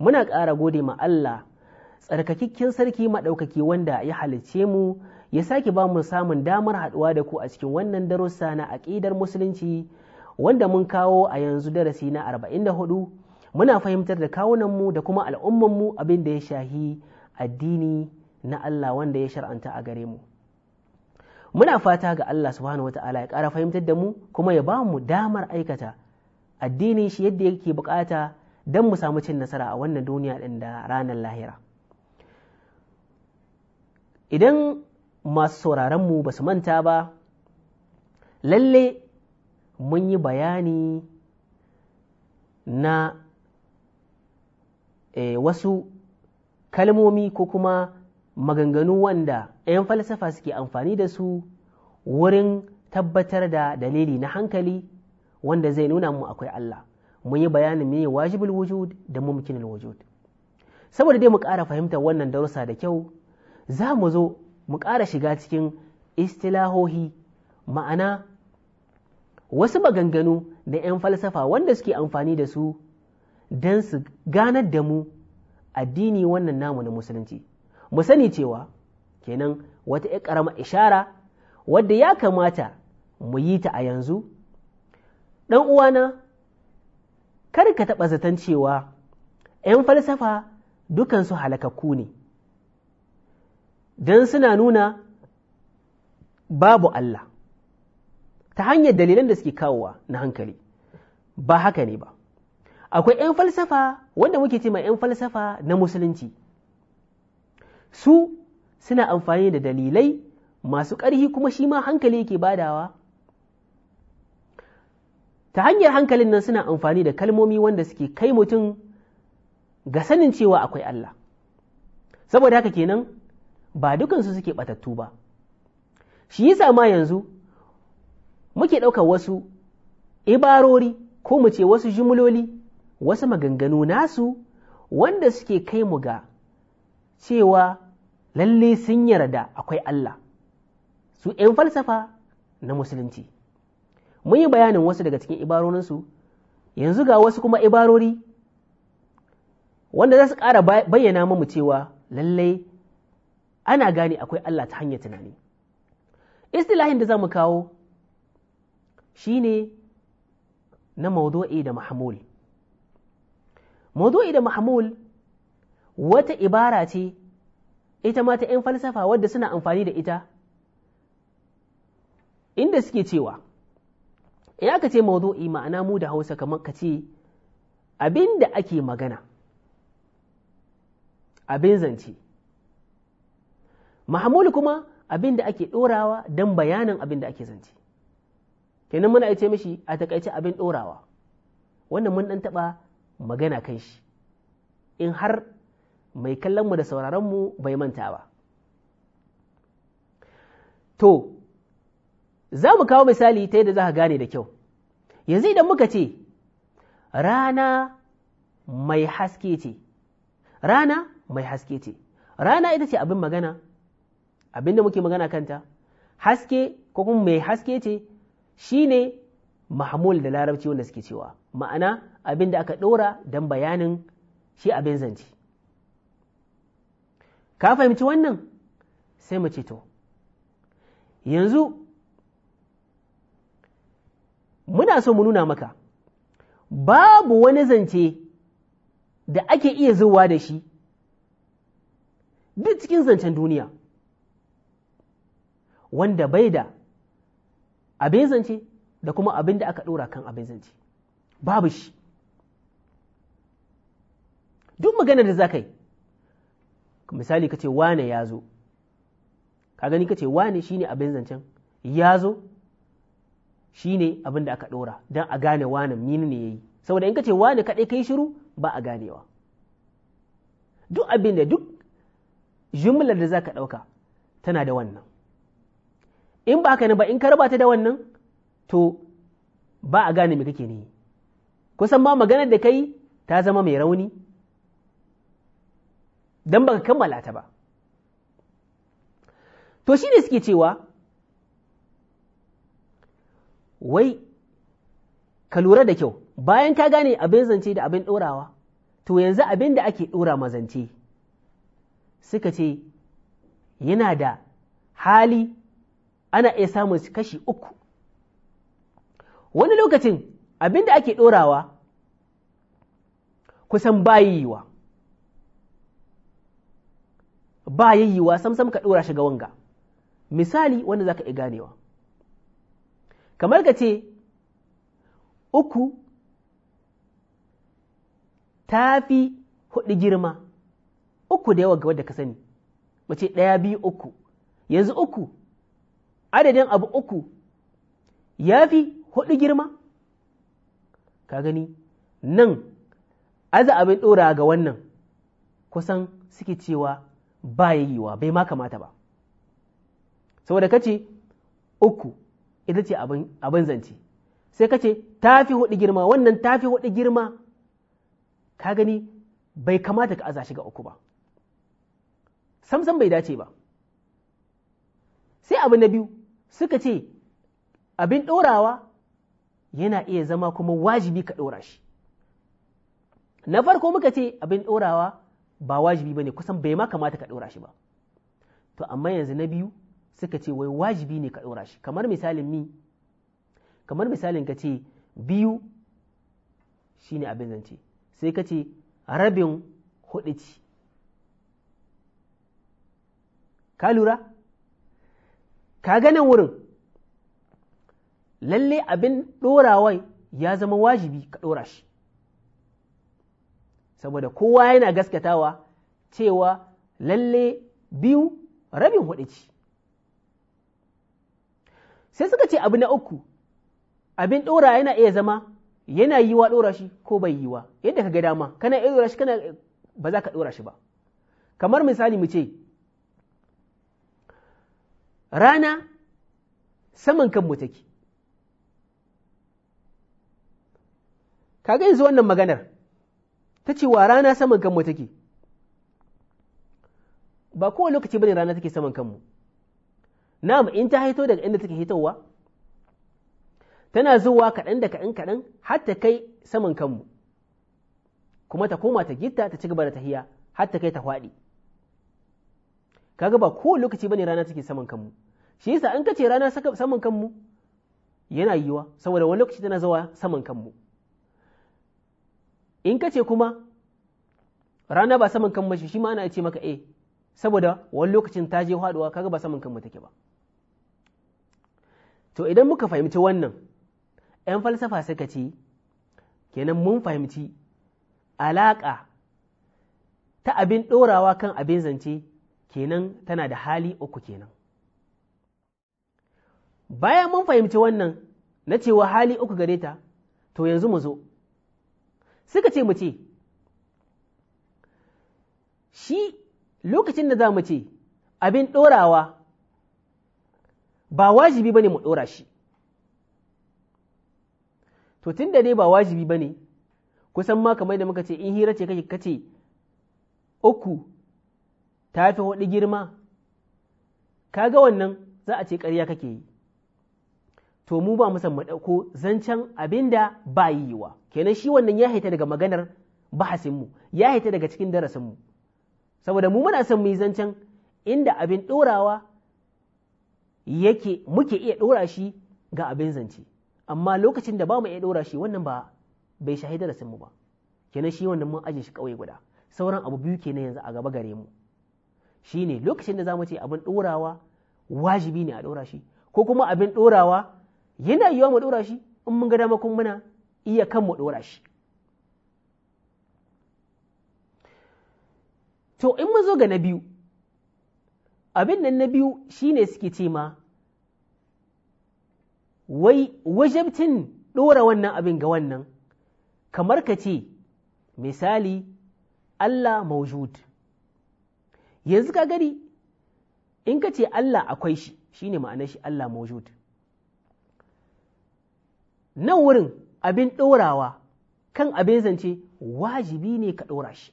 muna ƙara gode ma Allah tsarkakikin sarki maɗaukaki wanda ya halicce mu ya sake ba mu samun damar haɗuwa da ku a cikin wannan darussa na aƙidar musulunci wanda mun kawo a yanzu darasi na 44 muna fahimtar da kawunanmu da kuma al'ummanmu abin da ya shahi addini na Allah wanda ya shar'anta a gare mu muna fata ga Allah subhanahu wata'ala ya ƙara fahimtar da mu kuma ya ba mu damar aikata addini shi yadda yake bukata don mu samu cin nasara a wannan duniya ɗin da ranar lahira idan masu sauraronmu ba su manta ba lalle mun yi bayani na e, wasu kalmomi ko kuma maganganu wanda 'yan falsafa suke amfani da su wurin tabbatar da dalili na hankali wanda zai nuna mu akwai Allah mun yi bayanin meye wajibul wujud da mumkinul wujud saboda dai mu ƙara fahimtar wannan darussa da kyau za mu zo mu ƙara shiga cikin istilahohi ma'ana wasu maganganu da 'yan falsafa wanda suke amfani da su don su ganar da mu addini wannan namu na musulunci mu sani cewa kenan wata ya ƙarama ishara wadda ya kamata mu yi ta a yanzu ɗan uwana kar ka taɓa zaton cewa ‘yan falsafa dukansu halakakku ne, don suna nuna babu Allah ta hanyar dalilan da suke kawowa na hankali, ba haka ne ba. Akwai ‘yan falsafa wanda muke ce ma ‘yan falsafa na musulunci, su suna amfani da dalilai masu ƙarhi kuma shi ma hankali yake badawa ta hanyar hankalin nan suna amfani da kalmomi wanda suke kai mutum ga sanin cewa akwai Allah saboda haka kenan ba dukansu suke batattu ba shi yasa ma yanzu muke ɗaukar wasu ibarori ko mu ce wasu jimloli wasu maganganu nasu wanda suke kai mu ga cewa lalle sun yarda akwai Allah su ‘yan falsafa na musulunci mun yi bayanin wasu daga cikin ibarorinsu yanzu ga wasu kuma ibarori wanda za su ƙara bayyana mamu cewa lallai ana gane akwai Allah ta hanyar tunani istilahin da za mu kawo shi ne na maudu'i da mahamul maudu'i da mahamul wata ibara ce ita ma ta 'yan falsafa wadda suna amfani da ita inda suke cewa in aka ce mawdu'i ma'ana mu da hausa kamar ka ce abin da ake magana abin zance mahamul kuma abin da ake ɗorawa don bayanin abin da ake zance kenan muna ce mishi a takaice abin ɗorawa wannan mun ɗan taɓa magana kan shi in har mai kallonmu da sauraronmu bai manta ba to za mu kawo misali ta yadda za ka gane da kyau yanzu idan muka ce rana mai haske ce rana mai haske ce rana ita ce abin magana abin da muke magana kanta haske ko kuma mai haske ce shine mahmul da larabci wanda suke cewa ma'ana abin da aka ɗora don bayanin shi abin zance ka fahimci wannan sai mu ce to yanzu muna so mu nuna maka babu wani zance da ake iya zuwa da shi duk cikin zancen duniya wanda bai da abin zance da kuma abin da aka ɗora kan abin zance babu shi duk magana da za ka misali ka ce wane ya zo ka gani ka ce wane shine abin zancen ya zo shine abin da aka ɗora don a gane wani mini ne ya yi saboda in ka ce wani kaɗai yi shiru ba a ganewa duk abin da duk jumlar da za ka ɗauka tana da wannan in ba haka ne ba in ka ta da wannan to ba a gane me kake ne kusan ma maganar da kai ta zama mai rauni don ba ka kammala ta ba to shi ne suke cewa wai ka lura da kyau bayan ka gane abin zance da abin ɗorawa to yanzu abin da ake ɗora mazance suka ce yana da hali ana iya samun kashi uku wani lokacin abin da ake ɗorawa kusan bayiwa ba yayyiwa sam-sam ka ɗora shi ga wanga misali wanda za ka iya ganewa kamar ka ce uku ta fi hudu girma uku da yawa ga wadda ka sani mace ɗaya biyu uku yanzu uku adadin abu uku ya fi hudu girma ka gani nan aza abin ɗora ga wannan kusan suke cewa ba yayiwa bai ma kamata ba saboda ce uku ita ce abin zance sai ka ce fi hudu girma wannan ta fi hudu girma ka gani bai kamata ka aza shi ga uku ba samsam bai dace ba sai abu na biyu suka ce abin ɗorawa yana iya zama kuma wajibi ka ɗora shi na farko muka ce abin ɗorawa ba wajibi ba ne kusan bai ma kamata ka ɗora shi ba to amma yanzu na biyu suka ce wai wajibi ne ka ɗora shi kamar misalin mi kamar misalin ka ce biyu ne abin zance sai ka ce rabin hudu ci ka lura ka ganin wurin lalle abin ɗorawai ya zama wajibi ka ɗora shi saboda kowa yana gaskatawa cewa lalle biyu rabin hudu ci sai suka ce abu na uku abin ɗora yana iya zama yana yiwa ɗora shi ko bai yiwa yadda ka ga dama kana iya ɗora shi kana ba za ka ɗora shi ba kamar misali mu ce rana saman kanmu take ga yanzu wannan maganar ta ce wa rana saman kanmu take ba kowane lokaci bane rana take saman kanmu na'am in ta haito daga inda take hitowa tana zuwa kaɗan da kaɗan kaɗan har ta kai saman kanmu kuma ta koma ta gita ta ci gaba da tahiya har ta kai ta faɗi kaga ba ko lokaci bane rana take saman kanmu shi yasa an kace rana saman kanmu yana yiwa saboda wani lokaci tana zuwa saman kanmu in kace kuma rana ba saman kanmu shi ma ana ce maka eh saboda wani lokacin ta je haɗuwa kaga ba saman kanmu take ba to idan muka fahimci wannan 'yan falsafa suka ce kenan mun fahimci alaƙa ta abin ɗorawa kan abin zance kenan tana da hali uku kenan bayan mun fahimci wannan na cewa hali uku gare ta to yanzu mu zo suka ce mu ce shi lokacin da za mu ce abin ɗorawa ba wajibi ba ne mu ɗora shi to tun da dai ba wajibi ba ne kusan ma kamar da muka ce in hira ce kake kace uku ta fi hudu girma Ka ga wannan za a ce ƙarya kake yi to mu ba musamman ɗauko zancen abin da ba yi yiwa kenan shi wannan ya haita daga maganar bahasinmu ya haita daga cikin darasinmu saboda mu muna son mu yi zancen inda abin ɗorawa yake muke iya ɗora shi ga abin zance amma lokacin da ba mu iya ɗora shi wannan ba bai shahi da mu ba kenan shi wannan mun ajiye shi kawai guda sauran abu biyu kenan yanzu a gaba gare mu shine lokacin da za mu ce abin ɗorawa wajibi ne a ɗora shi ko kuma abin ɗorawa yana yiwa mu ɗora shi in mun ga dama kun muna iya kan mu ɗora shi to in zo ga na biyu abin nan na biyu shine suke ce ma wai wajabtin ɗora wannan abin ga wannan kamar ka ce misali Allah maujud yanzu ka gani, in ka ce Allah akwai shi shine ma'ana shi Allah maujud nan wurin abin ɗorawa kan abin zance wajibi ne ka ɗora shi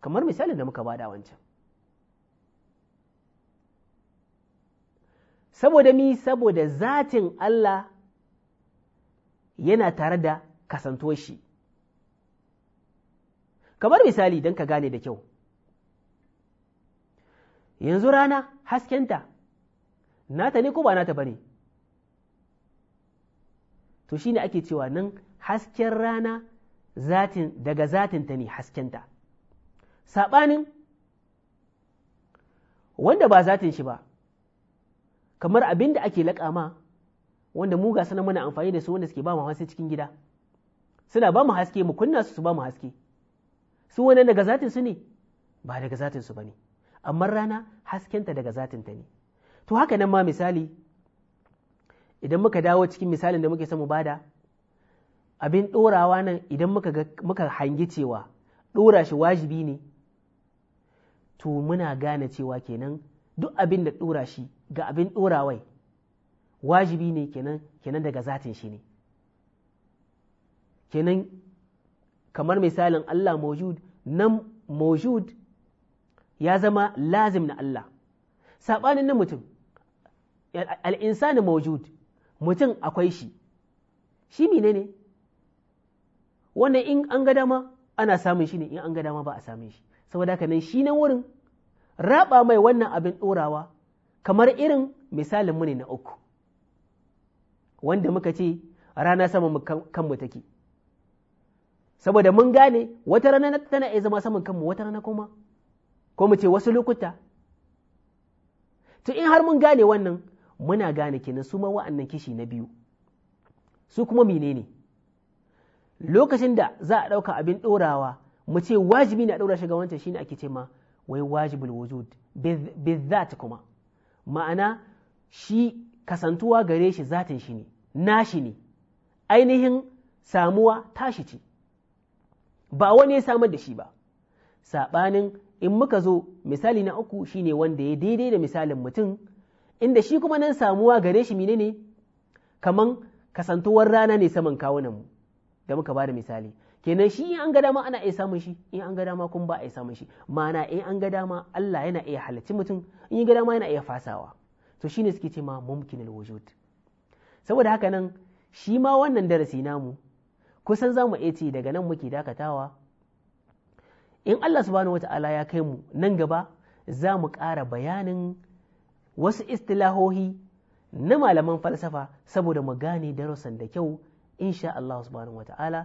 kamar misalin da muka bada wancan saboda mi saboda zatin Allah yana tare da kasantoshi. kamar misali don ka gane da kyau yanzu rana haskenta nata ne ko ba nata bane to shine ake cewa nan hasken rana zatin daga zatinta ne haskenta saɓanin wanda ba zatin shi ba kamar abin da ake laƙama wanda mu ga sanar muna amfani da su wanda suke ba mu haske cikin gida suna ba mu haske mu kunna su su ba mu haske su wannan daga zatin su ne ba daga zatin su bane amma rana haskenta daga zatin ta ne to haka nan ma misali idan muka dawo cikin misalin da muke samu bada abin ɗorawa nan idan muka hangi cewa ɗora shi wajibi ne to muna gane cewa kenan duk abin da ɗora shi ga abin wai. wajibi ne kenan kenan daga zatin shi ne kenan kamar misalin Allah mawjud nan mawjud ya zama lazim na Allah saɓanin na mutum al'insani mawjud mutum akwai shi shi mine ne wannan in an ga dama ana samun shi ne in an ga dama ba a samun shi saboda haka nan shi nan wurin raba mai wannan abin ɗorawa kamar irin misalin mu ne na uku wanda muka ce rana sama kanmu take saboda mun gane wata rana tana iya zama saman kanmu wata rana kuma ko mu ce wasu lokuta to in har mun gane wannan muna gane kenan su ma wa'annan kishi na biyu su kuma menene lokacin da za a ɗauka abin ɗorawa mu ce wajibi ne a ɗaura shi ga wancan shine ake ce ma wai wajibul wujud bizzat kuma ma'ana shi kasantuwa gare shi zatin shi ne shi ne ainihin samuwa tashi ce ba wani ya samar da shi ba saɓanin in muka zo misali na uku shine wanda ya daidai da misalin mutum inda shi kuma nan samuwa gare shi menene kaman kasantuwar rana ne saman kawunan mu da muka ba da misali kenan shi in an ga dama ana iya samun shi in an ga dama kuma ba a iya samun shi ma'ana in an ga dama Allah yana iya halarci mutum in ya ga dama yana iya fasawa to shine suke ce ma mumkinul wujud saboda haka nan shi ma wannan darasi namu kusan zamu mu iya ce daga nan muke dakatawa in Allah subhanahu wata'ala ya kai mu nan gaba za mu ƙara bayanin wasu istilahohi na malaman falsafa saboda mu gane darussan da kyau insha Allah subhanahu wata'ala